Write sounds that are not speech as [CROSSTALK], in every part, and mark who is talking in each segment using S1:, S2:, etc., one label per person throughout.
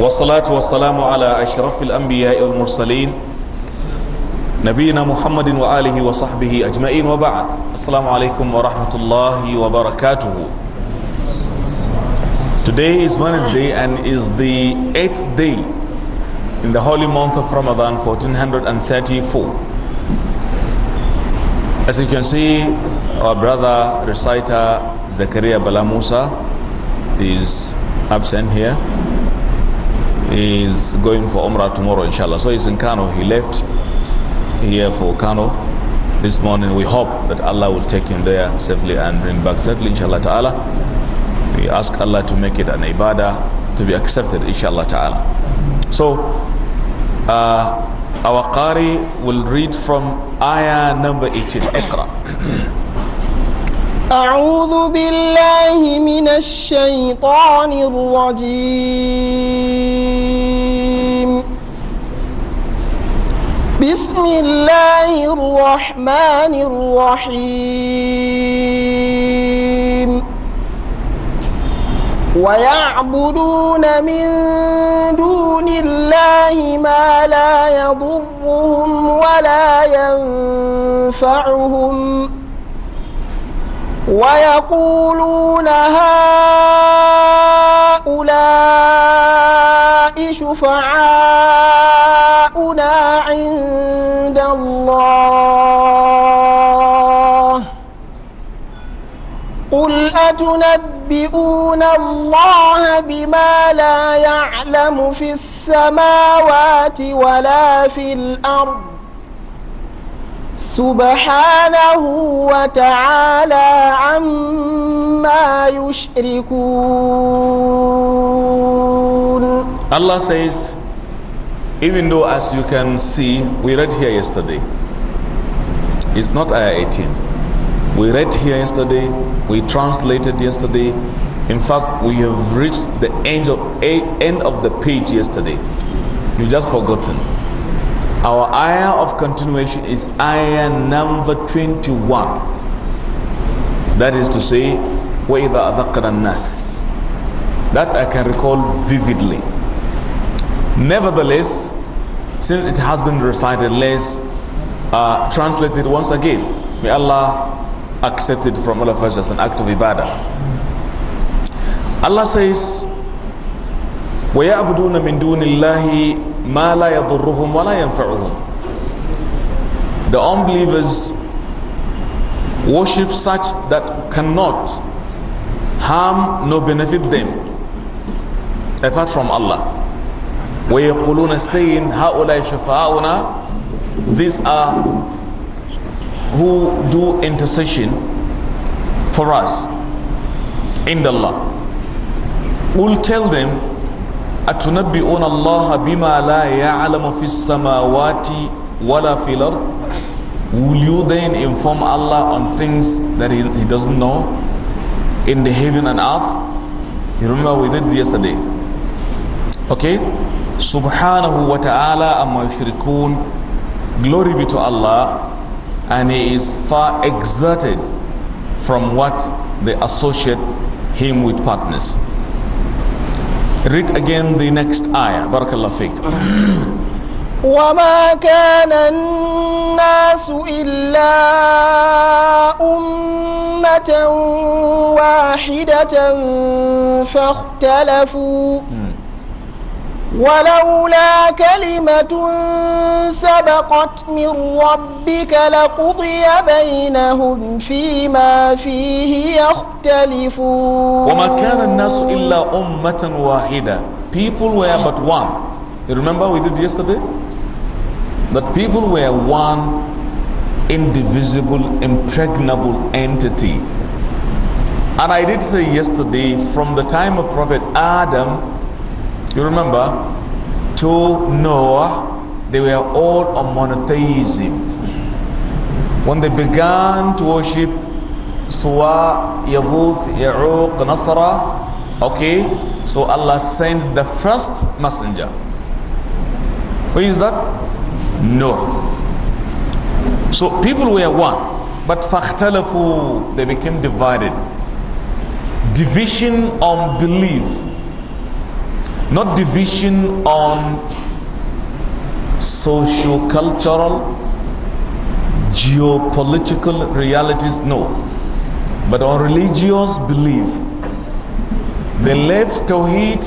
S1: والصلاة والسلام على أشرف الأنبياء والمرسلين نبينا محمد وآله وصحبه أجمعين وبعد السلام عليكم ورحمة الله وبركاته Today is Wednesday and is the eighth day in the holy month of Ramadan 1434 As you can see our brother reciter Zakaria Balamusa is absent here is going for Umrah tomorrow inshallah so he's in Kano he left here for Kano this morning we hope that Allah will take him there safely and bring back safely inshallah ta'ala we ask Allah to make it an ibadah to be accepted inshallah ta'ala so uh, our Qari will read from ayah number 18
S2: أعوذ بالله من الشيطان الرجيم بسم الله الرحمن الرحيم ويعبدون من دون الله ما لا يضرهم ولا ينفعهم ويقولون هؤلاء شفعاؤنا عند الله قل أتنبئون الله بما لا يعلم في السماوات ولا في الأرض سبحانه وتعالى عما يشركون
S1: Allah says even though as you can see we read here yesterday it's not ayah 18 we read here yesterday we translated yesterday in fact we have reached the end of, end of the page yesterday you just forgotten our ayah of continuation is ayah number 21. That is to say, وَإِذَا أَذَقْرَ النَّاسِ That I can recall vividly. Nevertheless, since it has been recited, less, uh, translate it once again. May Allah accept it from all of us as an act of ibadah. Allah says, وَيَعْبُدُونَ مِن دُونِ اللَّهِ ما لا يضرهم ولا ينفعهم the unbelievers
S2: worship such that
S1: cannot harm nor benefit them apart from Allah ويقولون saying هؤلاء شفاعنا these are who do intercession for us in the Allah will tell them أتنبئون الله بما لا يعلم في السماوات ولا في الأرض Will you then inform Allah on things that he, he doesn't know in the heaven and earth? You remember we did yesterday. Okay? Subhanahu wa ta'ala amma Glory be to Allah. And he is far exerted from what they associate him with partners. Read again the next ayah. Barakallah fiqh.
S2: وما كان الناس إلا أمة واحدة فاختلفوا ولولا كلمة سبقت من ربك لقضي بينهم فيما فيه يختلفون وما كان الناس
S1: إلا أمة واحدة people were but one you remember we did yesterday that people were one indivisible impregnable entity and I did say yesterday from the time of prophet Adam you remember, to Noah, they were all on monotheism. When they began to worship Suwa, Yavuth, Ya'uq, Nasara, Okay, so Allah sent the first messenger. Who is that? Noah. So people were one, but فَاخْتَلَفُوا They became divided. Division on belief not division on social cultural geopolitical realities no but on religious belief they left heat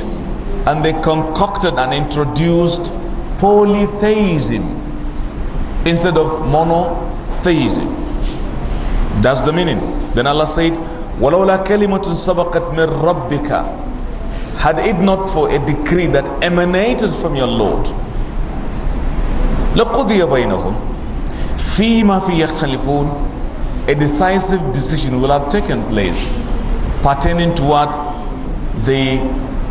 S1: and they concocted and introduced polytheism instead of monotheism that's the meaning then allah said ولولا كلمة سبقت من ربك had it not for a decree that emanated from your Lord بينهم فيما في يختلفون a decisive decision will have taken place pertaining to what they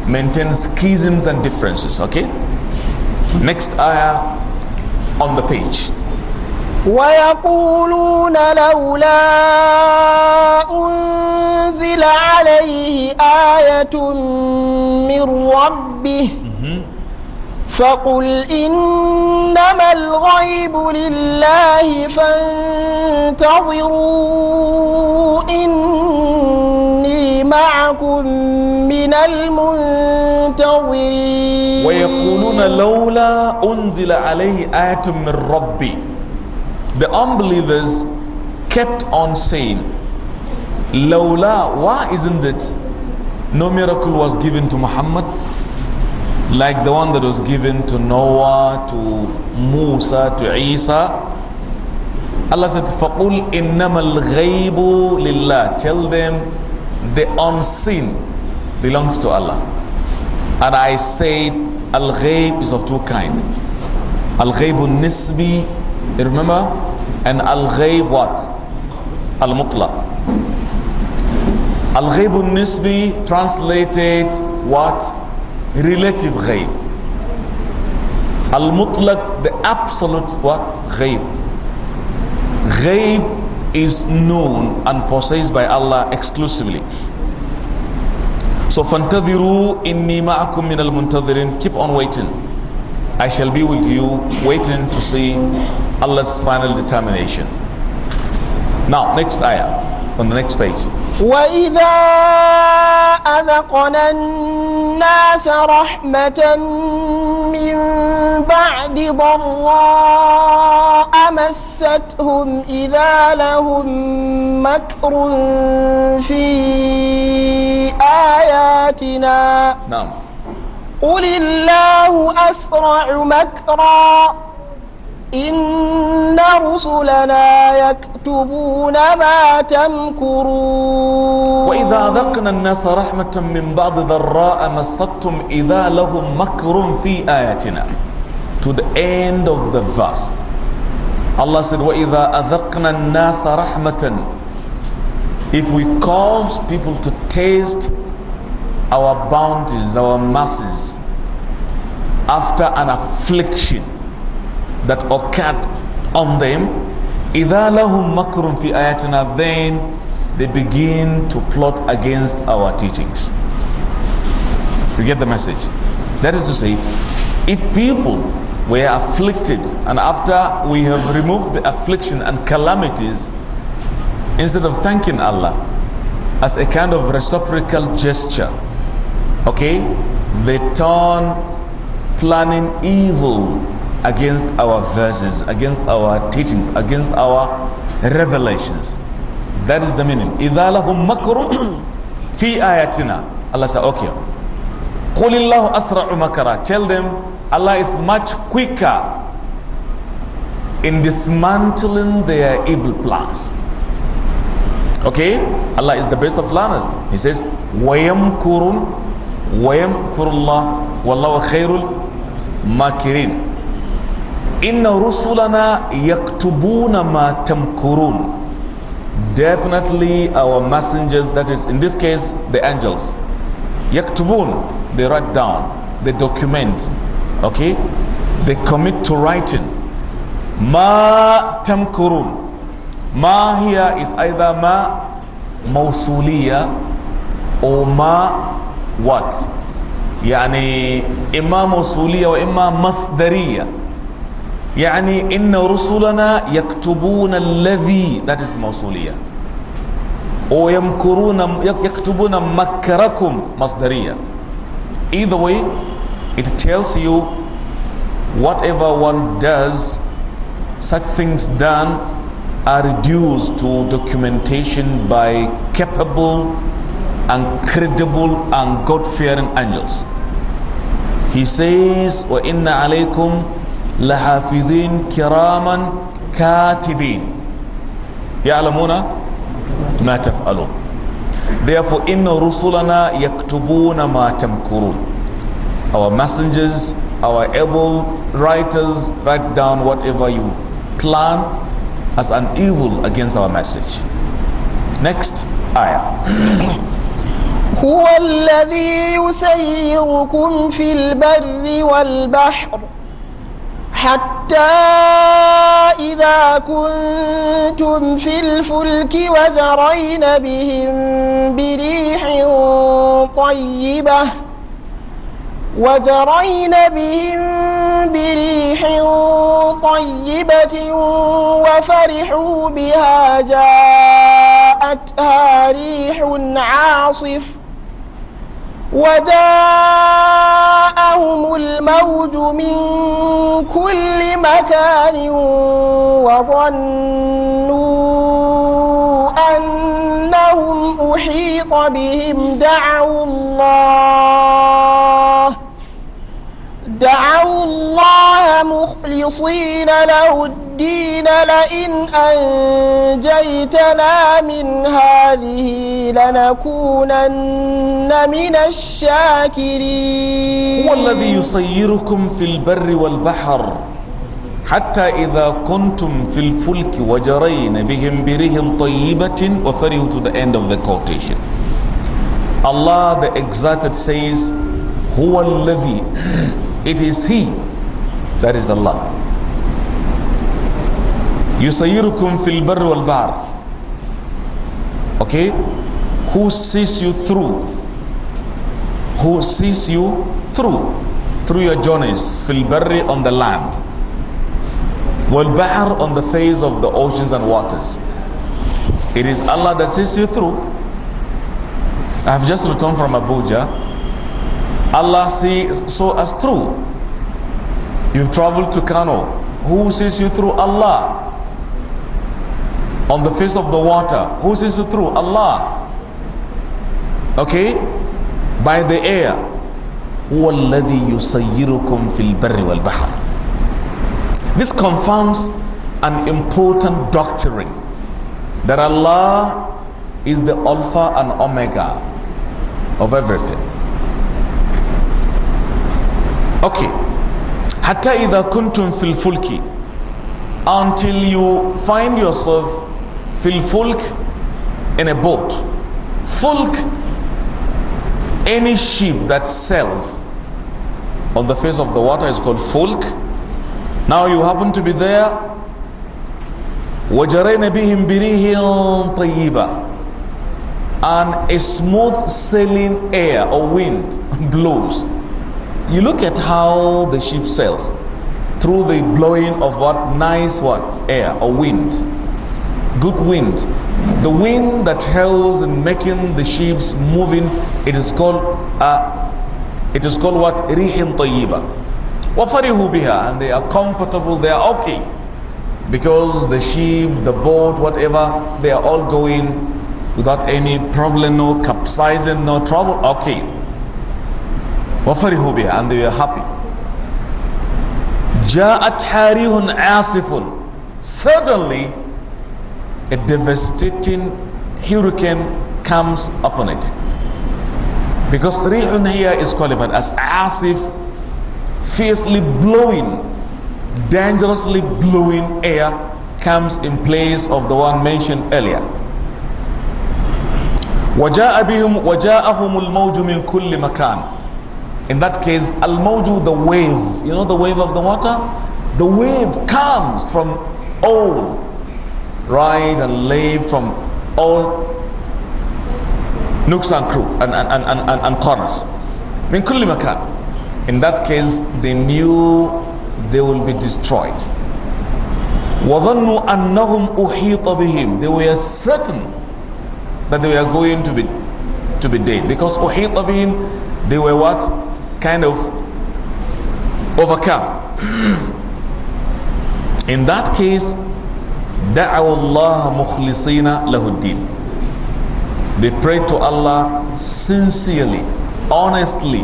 S1: maintain schisms and differences okay next ayah on the page
S2: ويقولون لولا أنزل عليه آية من ربه فقل إنما الغيب لله فانتظروا إني معكم من المنتظرين ويقولون
S1: لولا أنزل عليه آية من ربه the unbelievers kept on saying, Laula, why isn't it no miracle was given to Muhammad? Like the one that was given to Noah, to Musa, to Isa. Allah said, فَقُلْ innamal الْغَيْبُ lillah Tell them the unseen belongs to Allah. And I said, Al-Ghaib is of two kinds. Al-Ghaib nisbi you remember? And al-ghayb what? Al-mutlaq. Al-ghayb nisbi translated what? Relative ghayb. Al-mutlaq, the absolute what? Ghayb. Ghayb is known and possessed by Allah exclusively. So فَانْتَذِرُوا إِنِّي مَعَكُمْ مِنَ الْمُنْتَذِرِينَ Keep on waiting. I shall be with you waiting to see Allah's final determination. Now, next ayah on the next page.
S2: وإذا أذقنا الناس رحمة من بعد ضراء مستهم إذا لهم مكر في آياتنا نعم قل الله أسرع مكرا إن رسلنا يكتبون ما تمكرون
S1: وإذا ذقنا الناس رحمة من بعض ذراء مستهم إذا لهم مكر في آياتنا to the end of the verse Allah said وإذا أذقنا الناس رحمة if we cause people to taste our bounties our masses after an affliction that occurred on them إِذَا لَهُمْ مَكْرٌ فِي آيَاتِنَا Then they begin to plot against our teachings. You get the message? That is to say, if people were afflicted and after we have removed the affliction and calamities, instead of thanking Allah as a kind of reciprocal gesture, okay, they turn planning evil against our verses, against our teachings, against our revelations. That is the meaning. إِذَا لَهُمْ مَكْرٌ [COUGHS] فِي آيَاتِنَا Allah said, okay. قُلِ اللَّهُ أَسْرَعُ مَكَرًا Tell them, Allah is much quicker in dismantling their evil plans. Okay? Allah is the best of planners. He says, وَيَمْكُرُونَ وَيَمْكُرُ اللَّهُ وَاللَّهُ خَيْرُ الْمَاكِرِينَ Inna rusulana yaktubuna ma tamkurun. Definitely our messengers, that is in this case the angels. Yaktubun, they write down, they document. Okay? They commit to writing. Ma tamkurun. Ma here is either ma mausuliya or ma what? يعني إما موصولية وإما مصدرية يعني إن رسلنا يكتبون الذي that is موصولية ويمكرون يكتبون مكركم مصدرية either way it tells you whatever one does such things done are reduced to documentation by capable and credible and God-fearing angels he says وَإِنَّ عَلَيْكُمْ لحافظين كراما كاتبين يعلمون ما تفعلون therefore إن رسلنا يكتبون ما تمكرون our messengers our able writers write down whatever you plan as an evil against our message next ayah
S2: هو الذي يسيركم في البر والبحر حتى إذا كنتم في الفلك وزرين بهم بريح طيبة وجرين بهم بريح طيبة وفرحوا بها جاءتها ريح عاصف ۖ وجاءهم الموج من كل مكان وظنوا أنهم أحيط بهم دعوا الله دعوا الله مخلصين له الدين لئن أنجيتنا من هذه لنكونن من الشاكرين هو الذي
S1: يصيركم في البر والبحر حتى إذا كنتم في الفلك وجرين بهم برهم طيبة وفرهوا to the end of the quotation Allah the exalted says هو الذي It is He, that is Allah. fil فِي الْبَرِّ وَالْبَحْرِ Okay? Who sees you through? Who sees you through? Through your journeys, fil barri on the land, wal bahr on the face of the oceans and waters. It is Allah that sees you through. I have just returned from Abuja Allah see, saw us through. You've traveled to Kano. Who sees you through? Allah. On the face of the water. Who sees you through? Allah. Okay? By the air. This confirms an important doctrine that Allah is the Alpha and Omega of everything. Okay. Hatta idha kuntum fil fulki. Until you find yourself fil fulk in a boat. Fulk, any ship that sails on the face of the water is called fulk. Now you happen to be there. وَجَرَيْنَ بِهِمْ بِرِيهٍ طيبة. And a smooth sailing air or wind [LAUGHS] blows you look at how the ship sails through the blowing of what nice what air or wind good wind the wind that helps in making the ships moving it is called uh, it is called what ريح طيبة وفرحوا بها and they are comfortable they are okay because the ship the boat whatever they are all going without any problem no capsizing no trouble okay وفرحوا بها and they were happy جاءت حريه عاصف suddenly a devastating hurricane comes upon it because rihun here is qualified as asif fiercely blowing dangerously blowing air comes in place of the one mentioned earlier وجاء بهم وجاءهم الموج من كل مكان in that case, al-mawju, the wave. You know the wave of the water? The wave comes from all right and left, from all nooks and crew and, and, and, and, and corners. In kulli makan. In that case, they knew they will be destroyed. وظنوا أنهم أحيط بهم they were certain that they were going to be to be dead because أحيط بهم they were what kind of overcome. [CLEARS THROAT] In that case, دعوا الله مخلصين له الدين. They pray to Allah sincerely, honestly,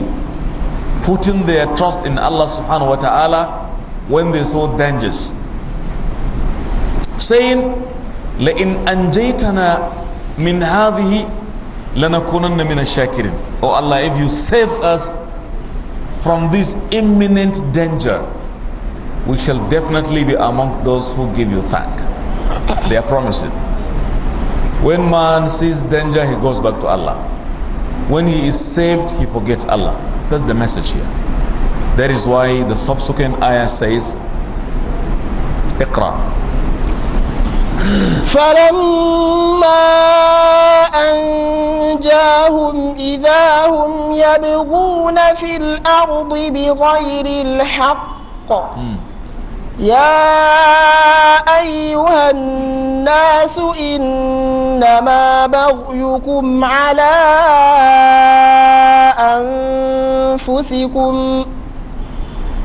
S1: putting their trust in Allah subhanahu wa ta'ala when they saw dangers. Saying, لئن أنجيتنا من هذه لنكونن من الشاكرين. Oh Allah, if you save us from this imminent danger, we shall definitely be among those who give you thank. They are promising. When man sees danger, he goes back to Allah. When he is saved, he forgets Allah. That's the message here. That is why the subsequent ayah says, Iqra,
S2: فلما أنجاهم إذا هم يبغون في الأرض بغير الحق يا أيها الناس إنما بغيكم على أنفسكم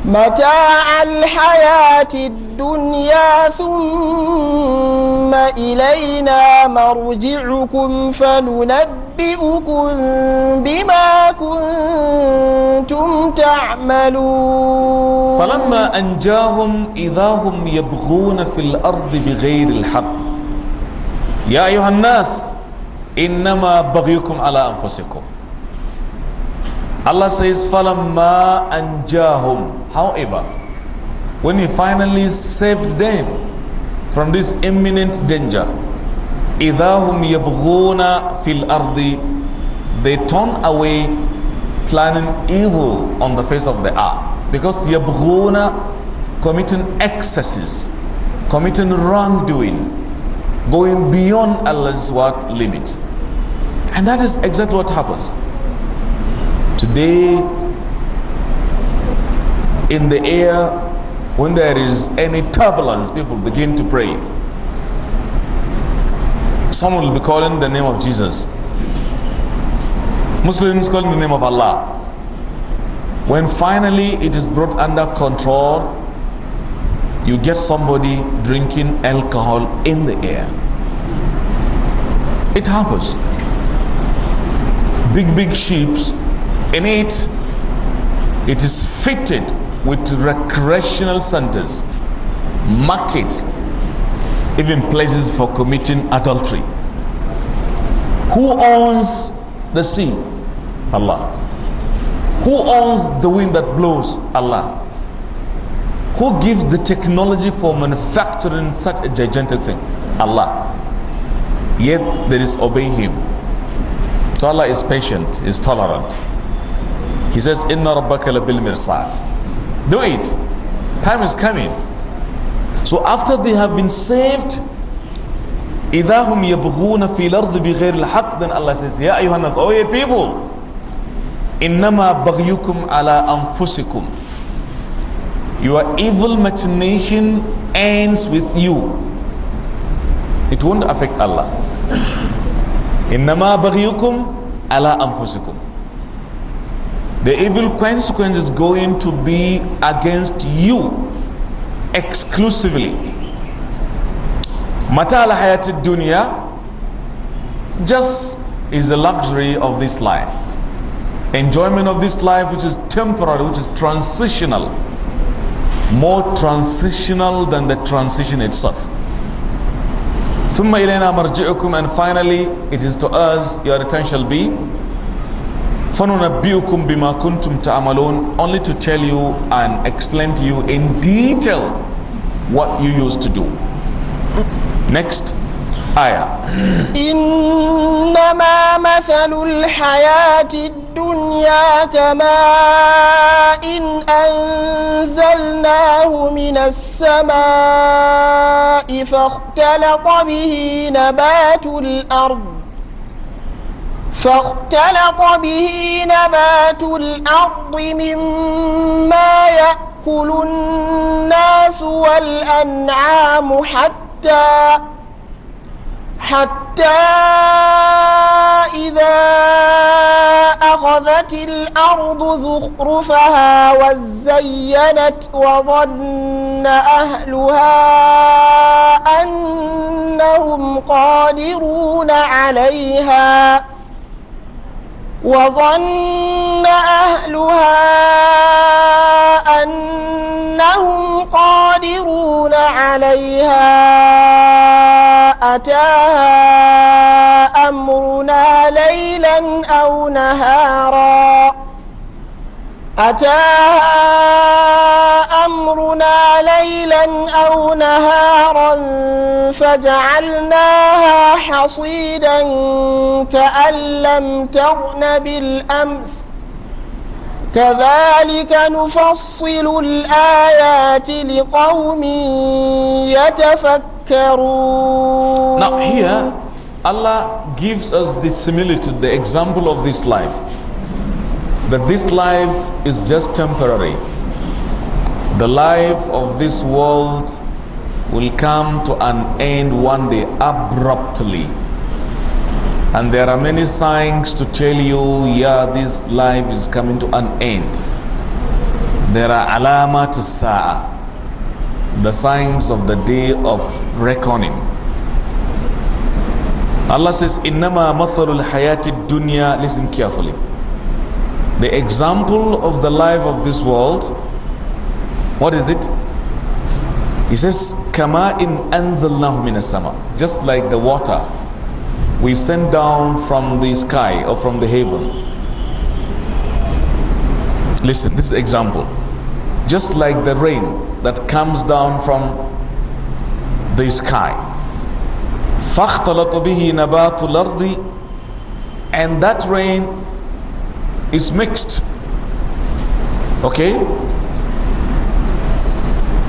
S2: متاع الحياة الدنيا الدنيا ثم إلينا مرجعكم فننبئكم بما كنتم تعملون فلما
S1: أنجاهم إذا هم يبغون في الأرض بغير الحق يا أيها الناس إنما بغيكم على أنفسكم الله says, فَلَمَّا أَنْجَاهُمْ However, when he finally saved them from this imminent danger. Idahum yabghuna fil ardi. They turn away planning evil on the face of the earth. Because yabghuna, committing excesses, committing wrongdoing, going beyond Allah's work limits. And that is exactly what happens. Today, in the air, when there is any turbulence, people begin to pray. Someone will be calling the name of Jesus. Muslims calling the name of Allah. When finally it is brought under control, you get somebody drinking alcohol in the air. It happens. Big, big ships in it, it is fitted with recreational centers, markets, even places for committing adultery. Who owns the sea? Allah. Who owns the wind that blows? Allah. Who gives the technology for manufacturing such a gigantic thing? Allah. Yet they disobey Him. So Allah is patient, is tolerant. He says, Inna rabbaka labil mirsad. Do it. Time is coming. So after they have been saved, إذا هم يبغون في الأرض بغير الحق then Allah says يا أيها الناس oh ye people إنما بغيكم على أنفسكم your evil machination ends with you it won't affect Allah إنما بغيكم على أنفسكم the evil consequence is going to be against you exclusively mata al hayatid dunya just is a luxury of this life enjoyment of this life which is temporary which is transitional more transitional than the transition itself ثم إلينا مرجعكم and finally it is to us your return shall be فَنُنَبِّئُكُمْ بِمَا كُنْتُمْ تَعْمَلُونَ Only to tell you and explain to you in detail what you used to do. Next
S2: إنما مثل الحياة الدنيا كماء أنزلناه من السماء فاختلط به نبات الأرض فاختلط به نبات الأرض مما يأكل الناس والأنعام حتى حتى إذا أخذت الأرض زخرفها وزينت وظن أهلها أنهم قادرون عليها وظن أهلها أنهم قادرون عليها أتاها أمرنا ليلا أو نهارا أتاها أمرنا ليلا أو نهارا فجعلناها حصيدا كأن لم تغن بالأمس كذلك نفصل الآيات لقوم يتفكرون Now here Allah
S1: gives us the similitude, the example of this life that this life is just temporary. The life of this world will come to an end one day abruptly. And there are many signs to tell you, yeah, this life is coming to an end. There are to sa'a, the signs of the day of reckoning. Allah says, Innama mathalul hayati dunya, listen carefully the example of the life of this world what is it he says kama in anzalnahu minas sama just like the water we send down from the sky or from the heaven listen this is example just like the rain that comes down from the sky فاختلط به نبات الأرض and that rain is mixed. Okay?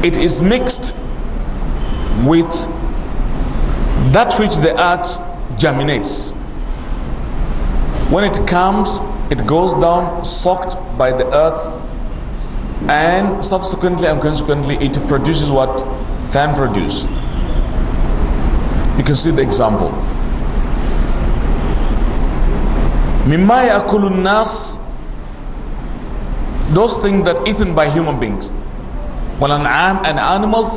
S1: It is mixed with that which the earth germinates. When it comes, it goes down, soaked by the earth, and subsequently and consequently, it produces what time produces. You can see the example. Mimma yakulun those things that eaten by human beings والأنعام and animals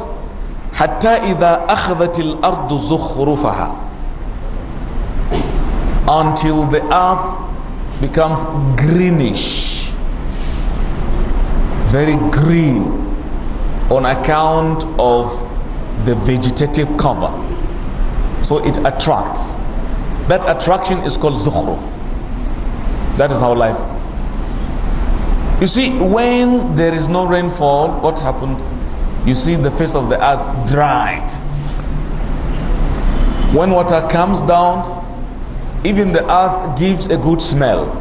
S1: حتى إذا أخذت الأرض زخرفها until the earth becomes greenish very green on account of the vegetative cover so it attracts that attraction is called zukhruf that is our life. You see, when there is no rainfall, what happened? You see the face of the earth dried. When water comes down, even the earth gives a good smell,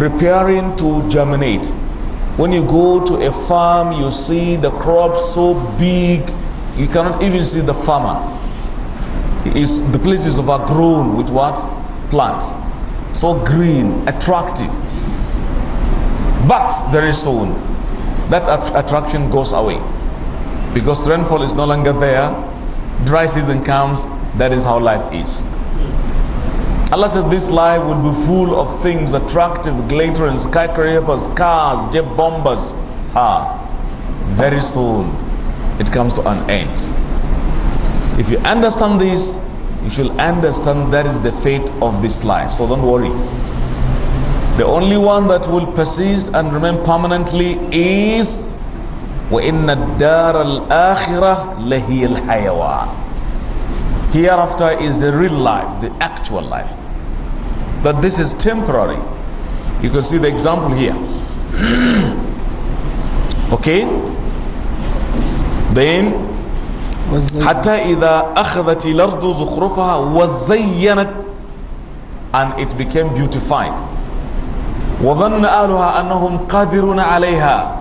S1: preparing to germinate. When you go to a farm, you see the crops so big, you cannot even see the farmer. It's, the place is overgrown with what? Plants so green, attractive. But very soon, that attraction goes away because rainfall is no longer there. Dry season comes. That is how life is. Allah said this life will be full of things attractive, glittering, skyscrapers, cars, jet bombers. Ah, very soon it comes to an end. If you understand this, you should understand that is the fate of this life so don't worry the only one that will persist and remain permanently is وَإِنَّ الدَّارَ الْآخِرَةِ لَهِيَ الْحَيَوَانِ Hereafter is the real life, the actual life. But this is temporary. You can see the example here. [CLEARS THROAT] okay? Then حتى إذا أخذت الأرض زخرفها وزينت and it became beautified وظن أهلها أنهم قادرون عليها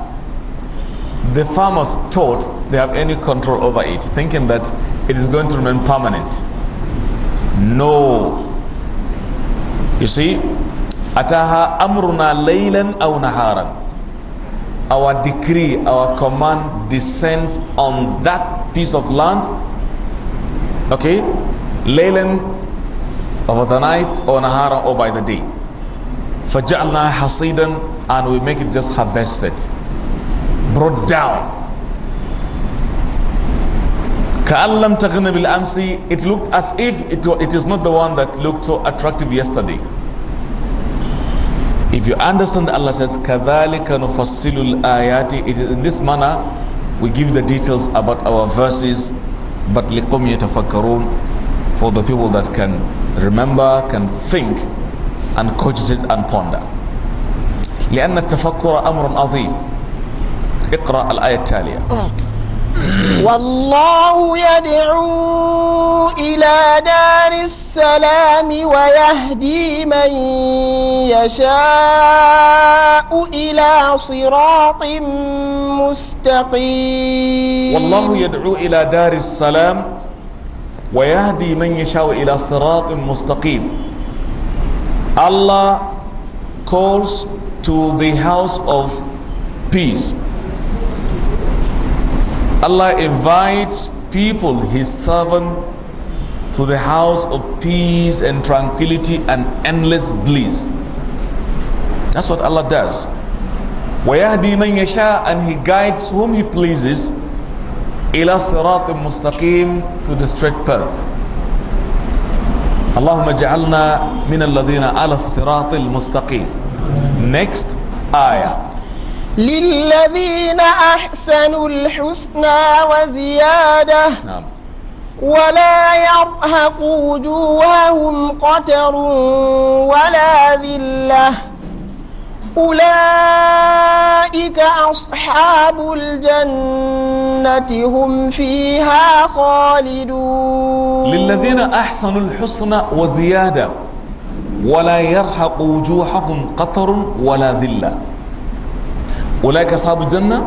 S1: the farmers thought they have any control over it thinking that it is going to remain permanent no you see أتاها أمرنا ليلا أو نهارا our decree our command descends on that piece of land, okay, laylan over the night or nahara or by the day. فَجَعْلْنَا حَصِيدًا and we make it just harvested, brought down. كَأَلَّمْ تَغْنَ بِالْأَمْسِ It looked as if it, it is not the one that looked so attractive yesterday. If you understand Allah says, كَذَلِكَ نُفَصِّلُ الْآيَاتِ It is in this manner we give the details about our verses but لَقُمْ يَتَفَكَّرُونَ for the people that can remember can think and cogitate and ponder لأن التفكر أمر عظيم اقرأ الآية التالية
S2: والله يدعو إلى دار السلام ويهدي من يشاء إلى صراط مستقيم
S1: والله يدعو إلى دار السلام ويهدي من يشاء إلى صراط مستقيم Allah calls to the house of peace Allah invites people, his servant, to the house of peace and tranquility and endless bliss. That's what Allah does. وَيَهْدِي مَنْ يَشَاءُ And He guides whom He pleases إِلَى صِرَاطٍ مُسْتَقِيمٍ To the straight path. اللهم اجعلنا من الذين على الصراط المستقيم. Next ayah.
S2: للذين أحسنوا الحسنى وزيادة نعم ولا يرهق وجوههم قتر ولا ذلة أولئك أصحاب الجنة هم فيها خالدون للذين أحسنوا
S1: الحسنى وزيادة ولا يرهق وجوههم قتر ولا ذلة أولئك أصحاب الجنة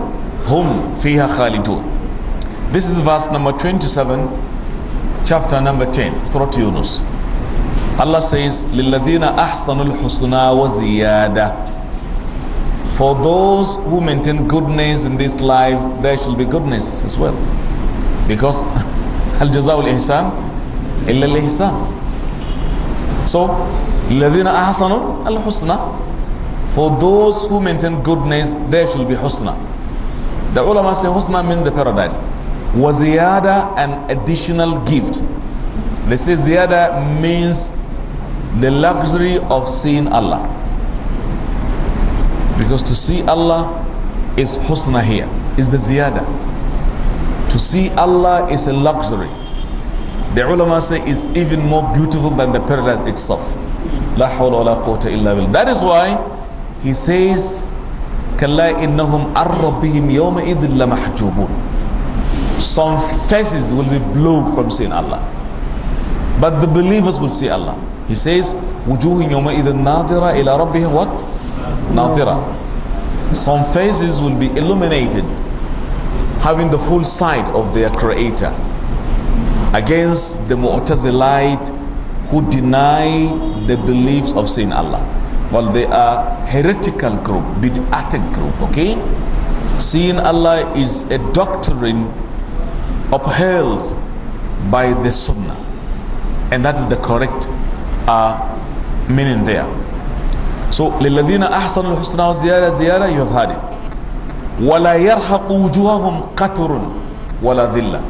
S1: هم فيها خالدون This is verse number 27 chapter number 10 Surah Yunus Allah says لِلَّذِينَ أحسن الْحُسْنَى وَزِيَادَةً For those who maintain goodness in this life there shall be goodness as well because الجزاء الإحسان إلا الإحسان So الذين أحسنوا الحسنى For those who maintain goodness, there shall be husna. The ulama say husna means the paradise. Waziyada, an additional gift? They say ziyada means the luxury of seeing Allah. Because to see Allah is husna here, is the ziyada. To see Allah is a luxury. The ulama say is even more beautiful than the paradise itself. illa That is why he says, كَلَّا إِنَّهُمْ أَرَّبِّهِمْ يَوْمَئِذٍ لَمَحْجُوبُونَ Some faces will be blue from seeing Allah. But the believers will see Allah. He says, وُجُوهٍ يَوْمَئِذٍ نَاظِرَةٍ إِلَى What? nadira Some faces will be illuminated, having the full sight of their Creator. Against the Mu'tazilite who deny the beliefs of seeing Allah. Well, they are heretical group, bid'at group, okay? Seeing Allah is a doctrine upheld by the Sunnah. And that is the correct uh, meaning there. So, لِلَّذِينَ أَحْسَنُ الْحُسْنَى ziyara زِيَارَ You have heard it. وَلَا يَرْحَقُ وُجُوهَهُمْ قَتْرٌ وَلَا ذِلَّةٌ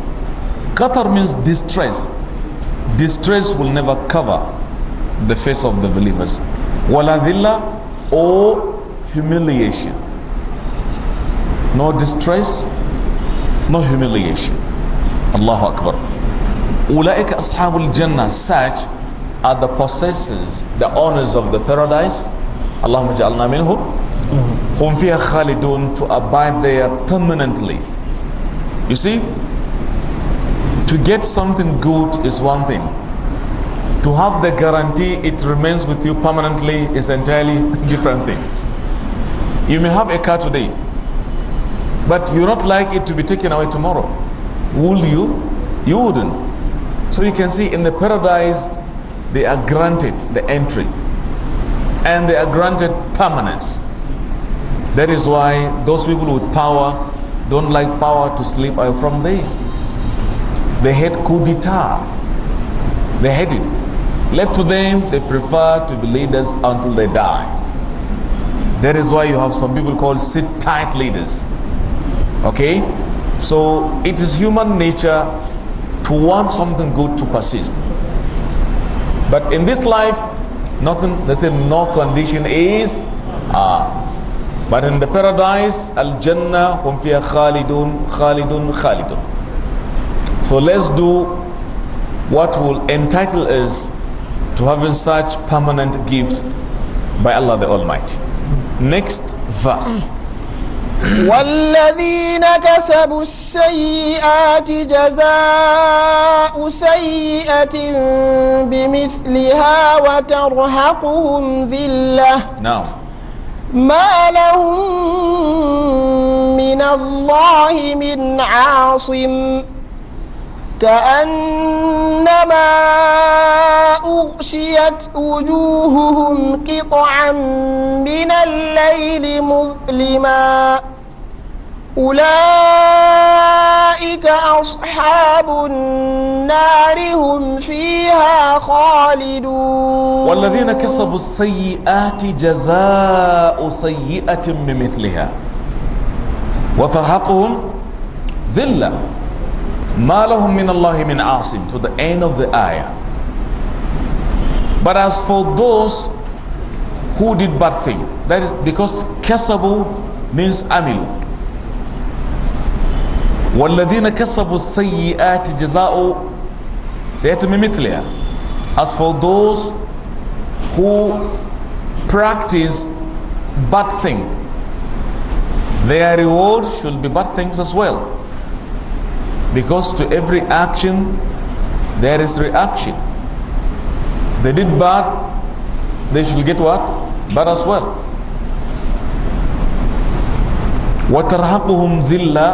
S1: Qatar means distress. Distress will never cover the face of the believers wala dhilla or humiliation no distress no humiliation Allahu Akbar ulaika ashabul jannah such are the possessors the owners of the paradise Allahumma ja'alna minhum mm-hmm. hum fiha khalidun to abide there permanently you see to get something good is one thing to have the guarantee it remains with you permanently is entirely [LAUGHS] different thing. You may have a car today, but you not like it to be taken away tomorrow. Would you? You wouldn't. So you can see in the paradise, they are granted the entry and they are granted permanence. That is why those people with power don't like power to slip away from there. They hate coup d'etat they hate it. Left to them, they prefer to be leaders until they die. That is why you have some people called sit tight leaders. Okay? So it is human nature to want something good to persist. But in this life, nothing, nothing no condition is. Uh, but in the paradise, Al Jannah, hum fiya khalidun, khalidun, khalidun. So let's do what will entitle us to having such permanent gift by Allah the Almighty. Next verse.
S2: [CLEARS THROAT] والذين كسبوا السيئات جزاء سيئة بمثلها وترهقهم ذلة ما لهم من الله من عاصم كأنما أغشيت وجوههم قطعا من الليل مظلما أولئك أصحاب النار هم فيها خالدون والذين كسبوا
S1: السيئات جزاء سيئة بمثلها وترهقهم ذلة مَا min Allāhi min aṣīm To the end of the ayah. But as for those who did bad thing, that is because kasabu means amilu. وَالَّذِينَ كَسَبُوا السَّيِّئَاتِ جَزَاءُ سَيَتُمِ مِثْلِهَا As for those who practice bad thing, their reward should be bad things as well. Because to every action there is reaction. They did bad, they should get what? Bad as well. وَتَرْحَقُهُمْ ذِلَّةً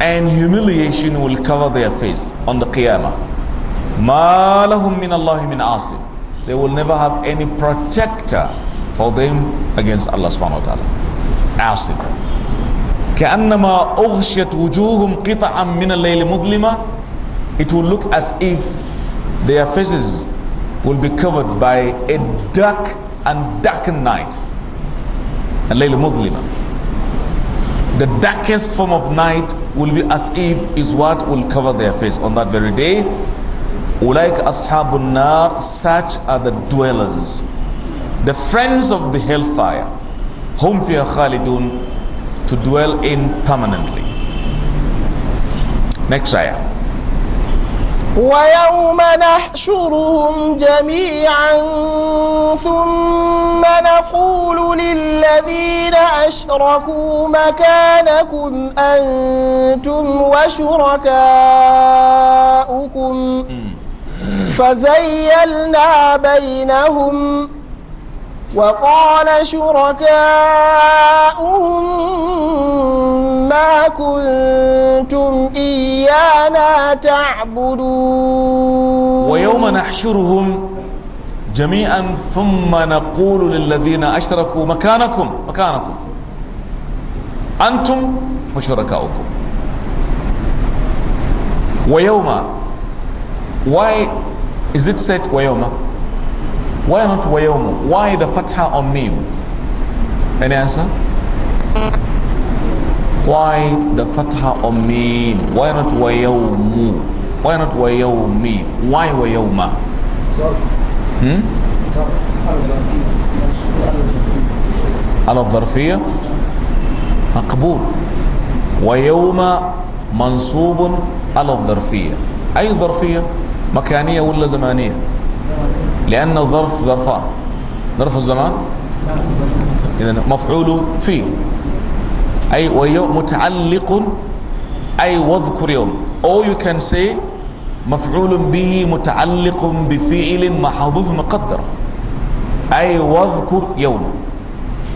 S1: And humiliation will cover their face on the Qiyamah. مَا لَهُمْ مِنَ اللَّهِ مِنْ عَاصِمٍ They will never have any protector for them against Allah subhanahu wa ta'ala. Asim. كأنما أغشيت وجوههم قطعا من الليل مظلمة it will look as if their faces will be covered by a dark and darkened night الليل مظلمة the darkest form of night will be as if is what will cover their face on that very day ulaik ashabun النَّارِ. such are the dwellers the friends of the hellfire hum fiha khalidun to dwell in permanently. Next ayah.
S2: ويوم نحشرهم جميعا ثم نقول للذين أشركوا مكانكم أنتم وشركاؤكم فزيلنا بينهم وقال شركاؤهم ما كنتم إيانا تعبدون ويوم
S1: نحشرهم جميعا ثم نقول للذين أشركوا مكانكم مكانكم أنتم وشركاؤكم ويوم why is it said ويوم Why not وَيَوْمُ? Why the fatha on mim? Any answer? Why the fatha on mim? Why not وَيَوْمُ? Why not وَيَوْمِ? Why وَيَوْمَ? Hmm? على الظرفية مقبول ويوم منصوب على الظرفية أي ظرفية مكانية ولا زمانية لأن الظرف ظرفان ظرف الزمان إذا مفعول فيه أي ويوم متعلق أي واذكر يوم أو يو كان سي مفعول به متعلق بفعل محظوظ مقدر أي واذكر يوم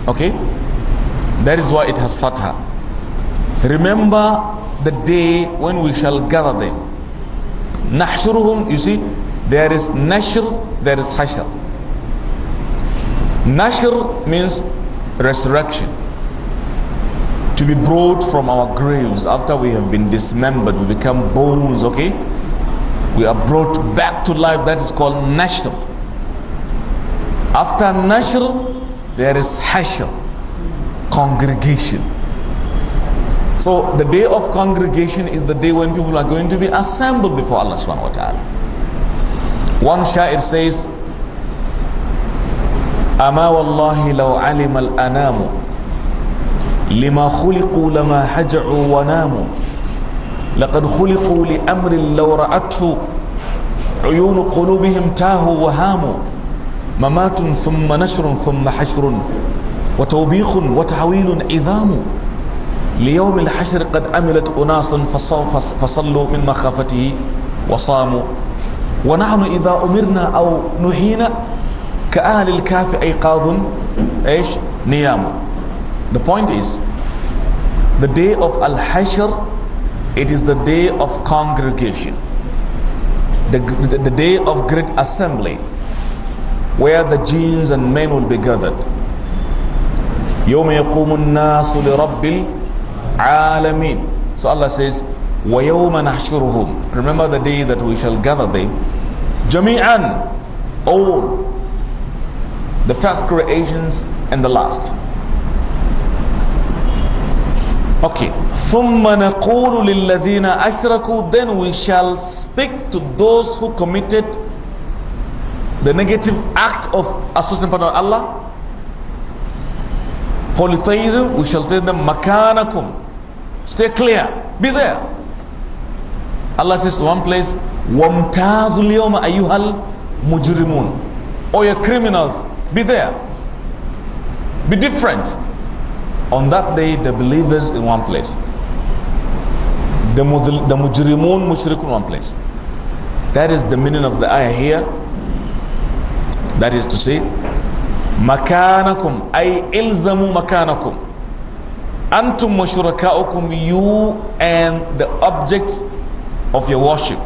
S1: okay that is why it has fatha remember the day when we shall gather them نحشرهم you see There is nashr, there is hashr. Nashr means resurrection. To be brought from our graves after we have been dismembered, we become bones, okay? We are brought back to life. That is called nashr. After nashr, there is hashr, congregation. So the day of congregation is the day when people are going to be assembled before Allah subhanahu wa ta'ala. One shair says, أما والله لو علم الأنام لما خلقوا لما حجعوا وناموا لقد خلقوا لأمر لو رأته عيون قلوبهم تاهوا وهاموا ممات ثم نشر ثم حشر وتوبيخ وتعويل عظام ليوم الحشر قد عملت أناس فصلوا من مخافته وصاموا ونحن إذا أمرنا أو نهينا كأهل الكهف قَاضٌ إيش نيام The point is the day of Al-Hashr it is the day of congregation the, the, the day of great assembly where the jinns and men will be gathered يوم يقوم الناس لرب العالمين so Allah says وَيَوْمَ نَحْشُرُهُمْ Remember the day that we shall gather them. جَمِيعًا All the first creations and the last. Okay. ثُمَّ نَقُولُ لِلَّذِينَ أَشْرَكُوا Then we shall speak to those who committed the negative act of associating partner Allah. Polytheism, we shall tell them, مَكَانَكُمْ Stay clear. Be there. Allah says one place, وَمْتَازُ الْيَوْمَ أَيُّهَا الْمُجْرِمُونَ Or your criminals, be there. Be different. On that day, the believers in one place. The, the mujrimun, mushrikun, one place. That is the meaning of the ayah here. That is to say, "Makanakum ay ilzamu makanakum. Antum Mushrikaukum." you and the objects of your worship.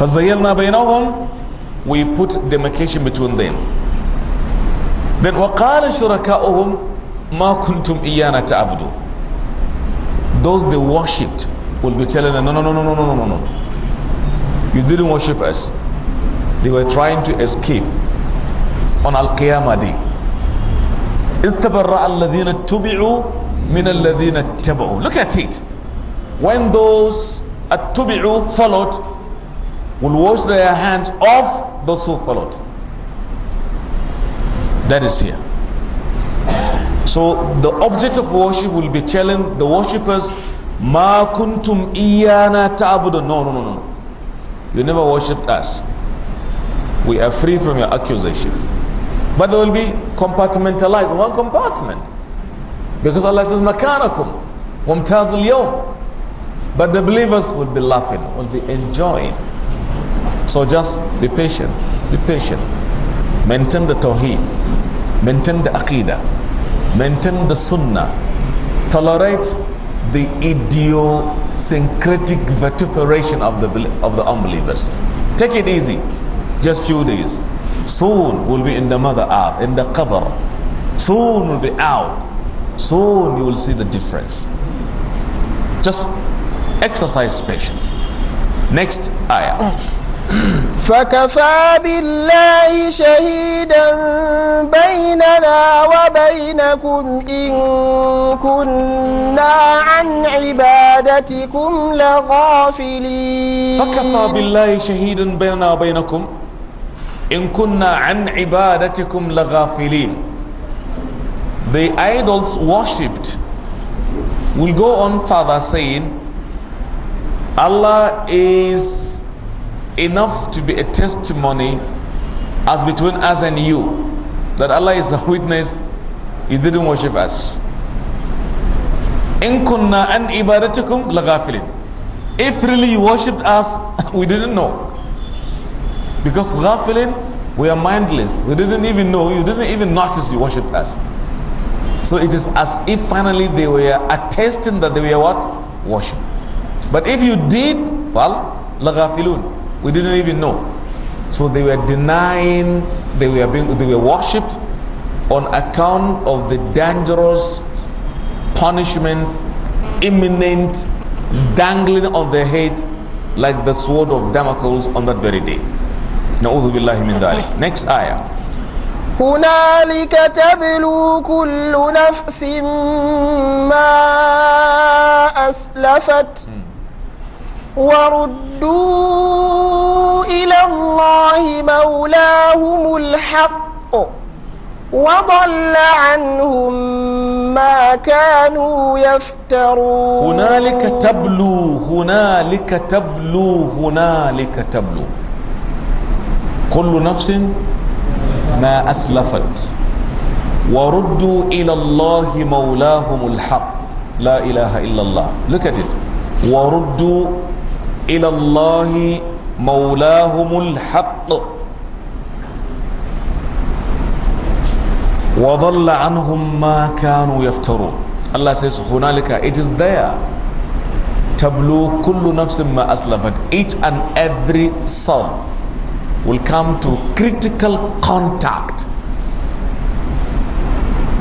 S1: فَزَيَّلْنَا بَيْنَهُمْ We put demarcation between them. Then وَقَالَ شُرَكَاؤُهُمْ مَا كُنْتُمْ إِيَّانَا تَعْبُدُ Those they worshipped will be telling them, no, no, no, no, no, no, no, no. You didn't worship us. They were trying to escape on Al-Qiyamah day. إِذْ تَبَرَّأَ الَّذِينَ اتُّبِعُوا مِنَ الَّذِينَ اتَّبَعُوا Look at it when those at-tubi'u followed will wash their hands off those who followed that is here so the object of worship will be telling the worshippers ma kuntum iyana ta'budu no no no no you never worshipped us we are free from your accusation but they will be compartmentalized one compartment because Allah says makanakum wamtazul yawm but the believers will be laughing, will be enjoying. So just be patient, be patient. Maintain the tawheed, maintain the aqidah, maintain the sunnah. Tolerate the idiosyncratic vituperation of the, of the unbelievers. Take it easy, just few days. Soon we'll be in the mother earth, in the qabr. Soon we'll be out. Soon you will see the difference. Just Exercise patience. Next ayah.
S2: فكفى بالله شهيدا بيننا وبينكم إن كنا عن عبادتكم لغافلين فكفى بالله
S1: شهيدا بيننا وبينكم إن كنا عن عبادتكم لغافلين The idols worshipped will go on further saying Allah is enough to be a testimony as between us and you that Allah is a witness you didn't worship us in kunna an ibadatukum lagafilin if really you worshipped us [LAUGHS] we didn't know because ghafilin we are mindless we didn't even know you didn't even notice you worshipped us so it is as if finally they were attesting that they were what worship but if you did, well, lagafilun. We didn't even know. So they were denying, they were being, they were worshipped on account of the dangerous punishment, imminent dangling of the head like the sword of Damocles on that very day. Next ayah.
S2: هنالك تبلو كل نفس ما أسلفت hmm. وردوا إلى الله مولاهم الحق وضل عنهم ما كانوا يفترون هنالك تبلو
S1: هنالك تبلو هنالك تبلو كل نفس ما أسلفت وردوا إلى الله مولاهم الحق لا إله إلا الله look at it وردوا إلى الله مولاهم الحق وضل عنهم ما كانوا يفترون الله says هنالك it is there تبلو كل نفس ما أسلفت each and every soul will come to critical contact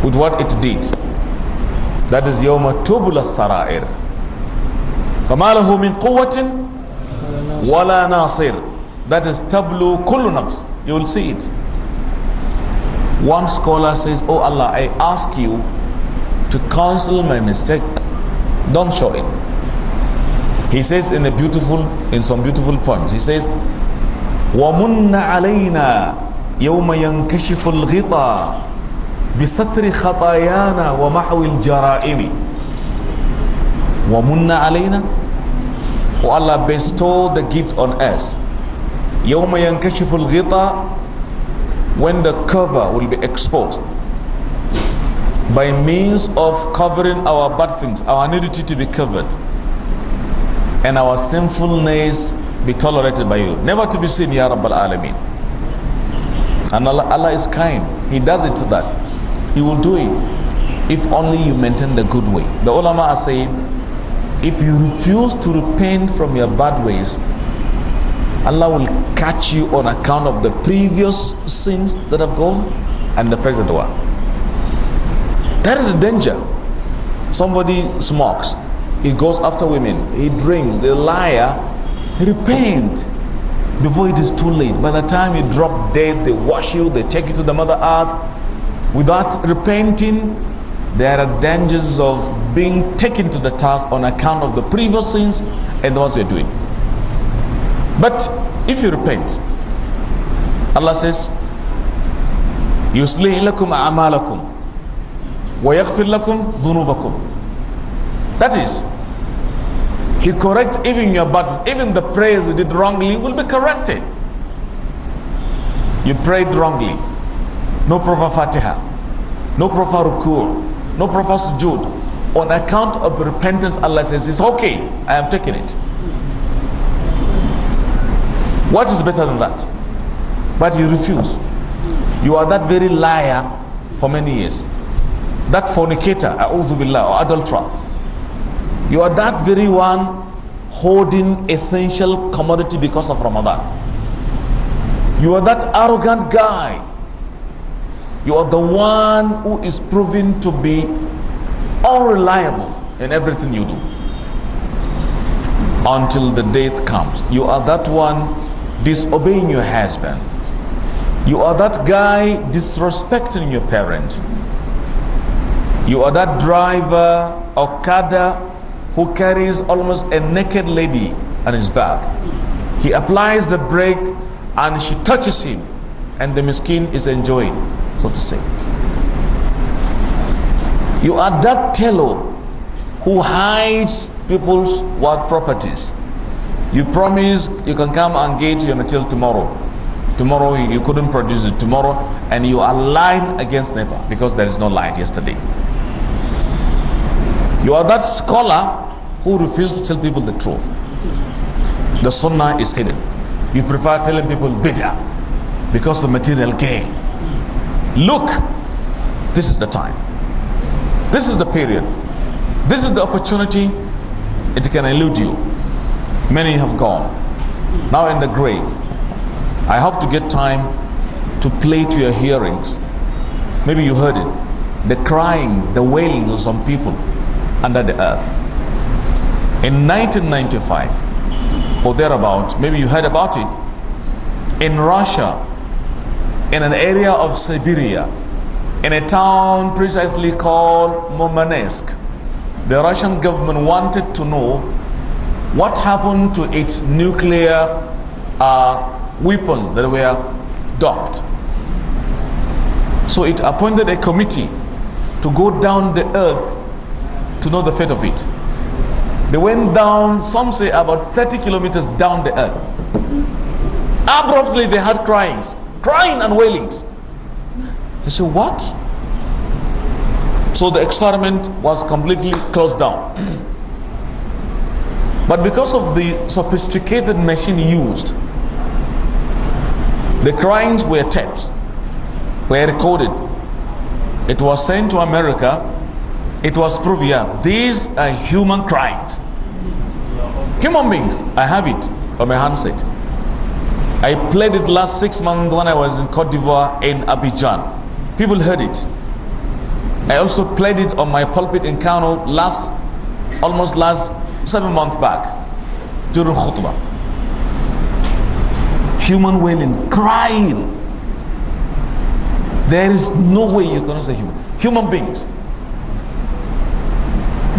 S1: with what it did that is يوم تبل السرائر فما له من قوة ولا nasir that is tablu kullu nafs you will see it one scholar says oh allah i ask you to counsel my mistake don't show it he says in a beautiful in some beautiful poems he says ومن علينا يوم ينكشف الغطاء بستر خطايانا ومحو الجرائم ومن علينا O Allah, bestow the gift on us. يَوْمَ يَنْكَشِفُ الْغِطَى When the cover will be exposed. By means of covering our bad things, our nudity to be covered. And our sinfulness be tolerated by you. Never to be seen, Ya Rabbal Alameen. And Allah, Allah is kind. He does it to that. He will do it. If only you maintain the good way. The ulama are saying, if you refuse to repent from your bad ways, Allah will catch you on account of the previous sins that have gone and the present one. That is the danger. Somebody smokes, he goes after women, he drinks, the liar, he repent before it is too late. By the time you drop dead, they wash you, they take you to the mother earth. Without repenting, there are dangers of being taken to the task on account of the previous sins and the ones you're doing. But if you repent, Allah says, يُسْلِحْ لَكُمْ أَعْمَالَكُمْ وَيَغْفِرْ لَكُمْ ذُنُوبَكُمْ That is, He corrects even your bad, even the prayers you did wrongly will be corrected. You prayed wrongly. No proper fatiha. No proper rukur. No proper sujood on account of repentance, Allah says, It's okay, I am taking it. What is better than that? But you refuse. You are that very liar for many years. That fornicator, billah, or adulterer. You are that very one hoarding essential commodity because of Ramadan. You are that arrogant guy. You are the one who is proven to be Unreliable in everything you do until the death comes. You are that one disobeying your husband. You are that guy disrespecting your parent. You are that driver, Okada, who carries almost a naked lady on his back. He applies the brake and she touches him, and the miskin is enjoying, so to say. You are that teller who hides people's what properties. You promise you can come and get your material tomorrow. Tomorrow you couldn't produce it tomorrow and you are lying against NEPA because there is no light yesterday. You are that scholar who refuses to tell people the truth. The sunnah is hidden. You prefer telling people bigger because of material gain. Look, this is the time. This is the period. This is the opportunity. It can elude you. Many have gone. Now in the grave. I hope to get time to play to your hearings. Maybe you heard it. The crying, the wailing of some people under the earth. In 1995 or thereabout, maybe you heard about it. In Russia, in an area of Siberia, in a town precisely called Murmansk. The Russian government wanted to know what happened to its nuclear uh, weapons that were docked. So it appointed a committee to go down the earth to know the fate of it. They went down, some say about 30 kilometers down the earth. Abruptly they heard cryings, crying and wailings. He said, What? So the experiment was completely closed down. [CLEARS THROAT] But because of the sophisticated machine used, the crimes were taped, were recorded. It was sent to America. It was proved, yeah, these are human crimes. Human beings. I have it on my handset. I played it last six months when I was in Cote d'Ivoire in Abidjan. People heard it. I also played it on my pulpit in Kano last, almost last seven months back during khutbah. Human wailing, crying. There is no way you can say human. Human beings.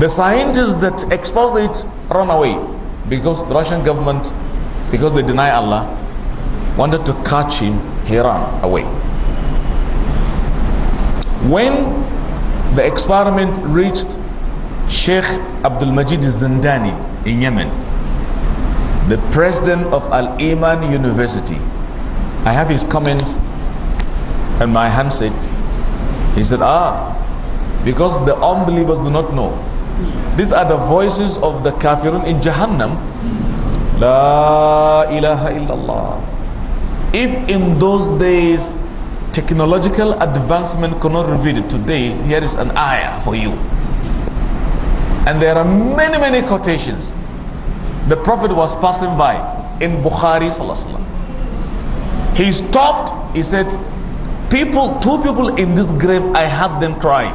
S1: The scientists that expose it run away because the Russian government, because they deny Allah, wanted to catch him, he ran away. When the experiment reached Sheikh Abdul Majid Zindani in Yemen, the president of Al Iman University. I have his comments And my handset. He said, Ah, because the unbelievers do not know. These are the voices of the kafirun in Jahannam. La ilaha illallah. If in those days technological advancement cannot reveal it today here is an ayah for you and there are many many quotations the prophet was passing by in bukhari he stopped he said people two people in this grave i had them crying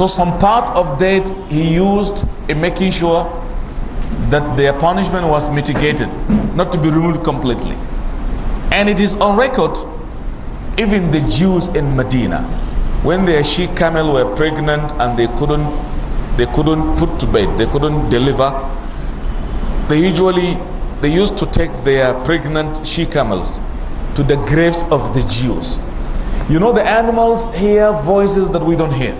S1: so some part of that he used in making sure that their punishment was mitigated, not to be removed completely. And it is on record, even the Jews in Medina, when their she camel were pregnant and they couldn't, they couldn't put to bed, they couldn't deliver, they usually, they used to take their pregnant she camels to the graves of the Jews. You know, the animals hear voices that we don't hear.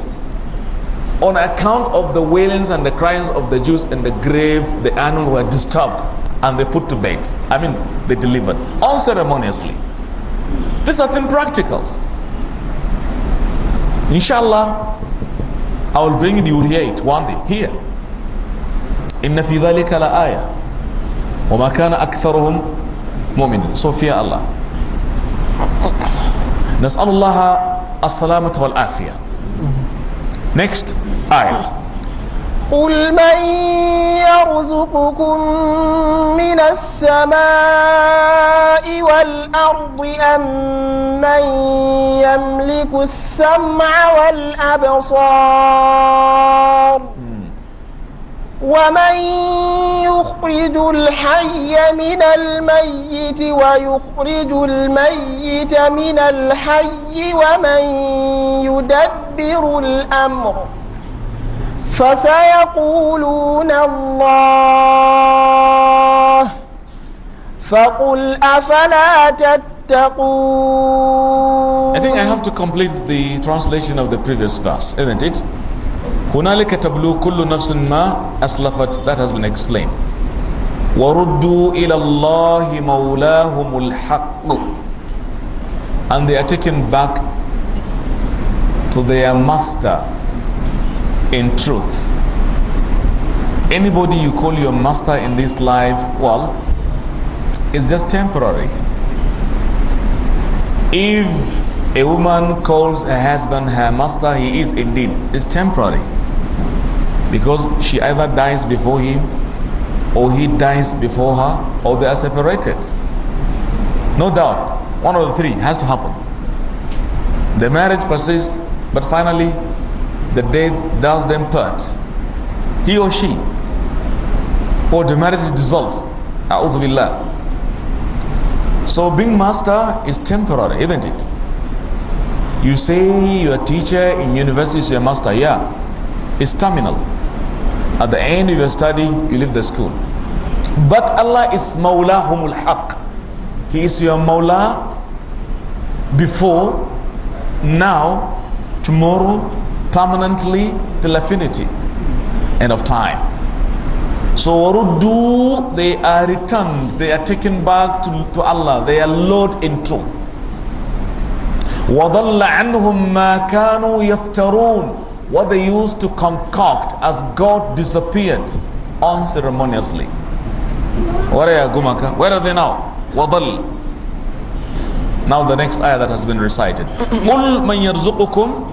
S1: On account of the wailings and the cries of the Jews in the grave, the animals were disturbed and they put to bed. I mean, they delivered unceremoniously. These are impracticals. Inshallah, I will bring the you it one day here. fi في ذلك لآية kana كان أكثرهم Sofiya so fear Allah نسأل الله السلامة والعافية next ayah
S2: قل من يرزقكم من السماء والأرض أم من يملك السمع والأبصار ومن يخرج الحي من الميت ويخرج الميت من الحي ومن يدبر الأمر ۖ فسيقولون الله فقل أفلا تتقون I think I have
S1: to complete the translation of the previous verse, isn't it? هنالك تبلو كل نفس ما أسلفت that has been explained وردوا إلى الله مولاهم الحق and they are taken back to their master in truth. Anybody you call your master in this life, well, it's just temporary. If a woman calls her husband her master, he is indeed, it's temporary. Because she either dies before him, or he dies before her, or they are separated. No doubt, one of the three has to happen. The marriage persists, but finally the death does them part. He or she. Or the marriage is dissolved. A'udhu So being master is temporary, isn't it? You say your teacher in university is your master. Yeah. It's terminal. At the end of your study, you leave the school. But Allah is Mawlahumul Haq. He is your Mawla before, now, tomorrow, permanently till affinity, end of time. So do they are returned, they are taken back to, to Allah, they are lured in truth. وَضَلَّ عَنْهُمْ مَا كَانُوا يَفْتَرُونَ What they used to concoct as God disappeared unceremoniously. Where are Gumaka? Where are they now? وَضَلَّ Now the next ayah that has been recited. قُلْ مَنْ يَرْزُقُكُمْ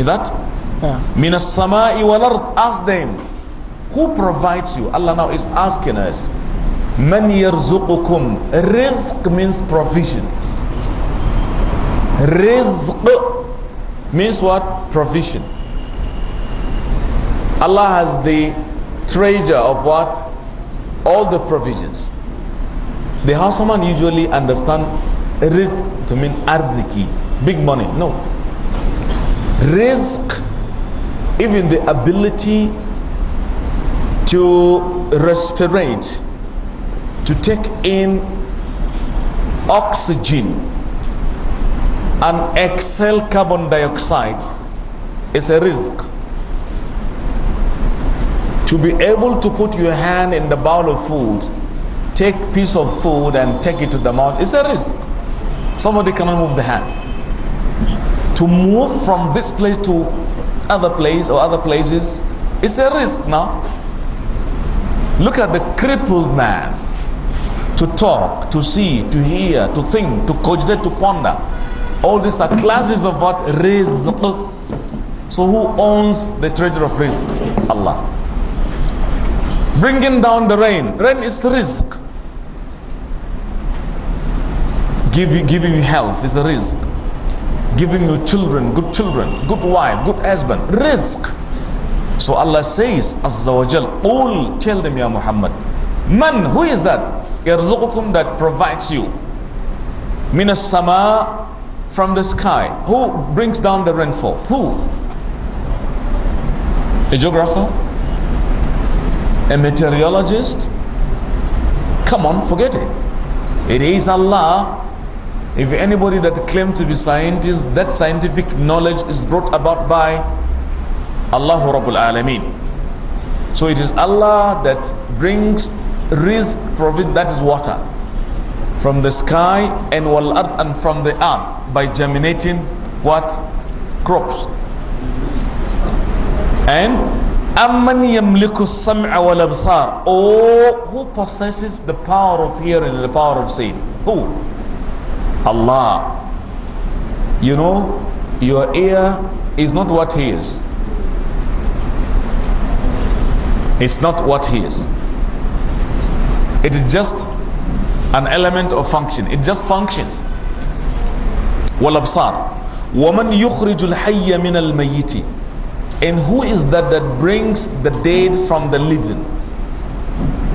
S1: is that? Yeah. Min as-sama'i wal ard. Ask them. Who provides you? Allah now is asking us. Man yarzuqukum. Rizq means provision. Rizq means what? Provision. Allah has the treasure of what? All the provisions. The Hassaman usually understand risk to mean arziki, big money. No. Risk, even the ability to respirate, to take in oxygen and exhale carbon dioxide is a risk. To be able to put your hand in the bowl of food, take piece of food and take it to the mouth is a risk. Somebody cannot move the hand to move from this place to other place or other places it's a risk now look at the crippled man to talk to see to hear to think to cogitate to ponder all these are classes of what rizq so who owns the treasure of risk allah bringing down the rain rain is the risk give you, giving you health is a risk giving you children, good children, good wife, good husband, Risk. So Allah says, Azza wa Jal, all tell them, Ya Muhammad. Man, who is that? Yarzuqukum that provides you. Minas sama from the sky. Who brings down the rainfall? Who? A geographer? A meteorologist? Come on, forget it. It is Allah if anybody that claims to be scientist, that scientific knowledge is brought about by Allah Rabbul Alameen. So it is Allah that brings risk, profit, that is water, from the sky and wal and from the earth by germinating what? Crops. And أَمَّنْ يَمْلِكُ السَّمْعَ وَالْأَبْصَارِ Oh, who possesses the power of hearing and the power of seeing? Who? Allah. You know, your ear is not what he is. It's not what he is. It is just an element of function. It just functions. woman, ومن يخرج min al الميت and who is that that brings the dead from the living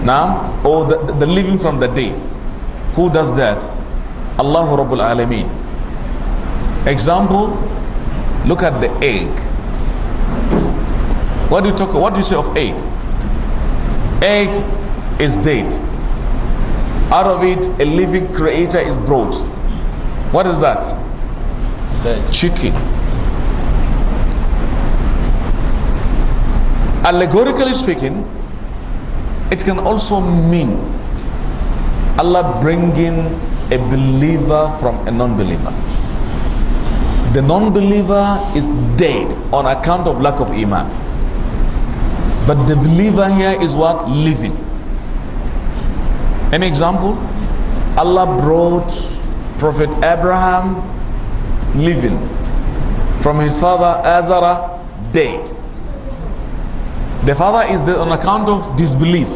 S1: now or the, the living from the dead who does that Allah Rabbul Alameen. Example, look at the egg. What do you talk what do you say of egg? Egg is dead. Out of it a living creator is brought. What is that? The chicken. Allegorically speaking, it can also mean Allah bringing a believer from a non-believer. The non-believer is dead on account of lack of iman. But the believer here is what? Living. An example? Allah brought Prophet Abraham living from his father Azara dead. The father is dead on account of disbelief.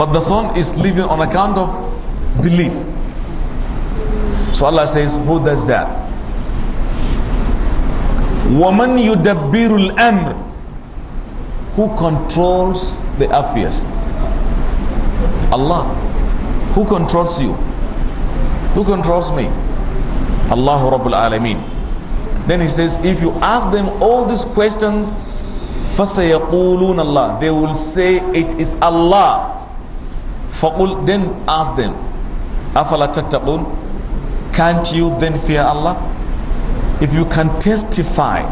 S1: But the son is living on account of belief. So Allah says, who does that? وَمَنْ يُدَبِّرُ amr Who controls the affairs? Allah. Who controls you? Who controls me? Allah Rabbul Alameen. Then he says, if you ask them all these questions, فَسَيَقُولُونَ Allah. They will say, it is Allah. فَقُلْ Then ask them, afala tattaqun can't you then fear Allah if you can testify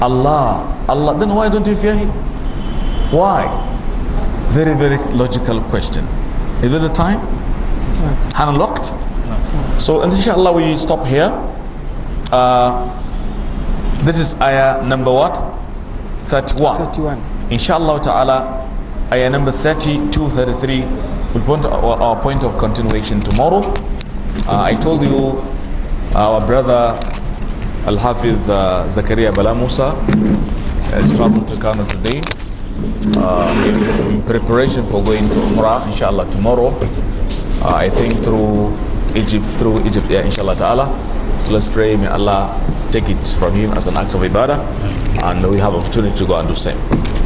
S1: Allah Allah then why don't you fear him why very very logical question is it the time unlocked so inshallah we stop here uh, this is ayah number what 31 31 inshallah ta'ala ayah number 32 33 will our point of continuation tomorrow. Uh, I told you uh, our brother Al-Hafiz uh, Zakaria Bala Musa has uh, traveled to Ghana today uh, in preparation for going to Umrah inshallah tomorrow. Uh, I think through Egypt, through Egypt, yeah, inshallah ta'ala. So let's pray, may Allah take it from him as an act of ibadah and we have opportunity to go and do same.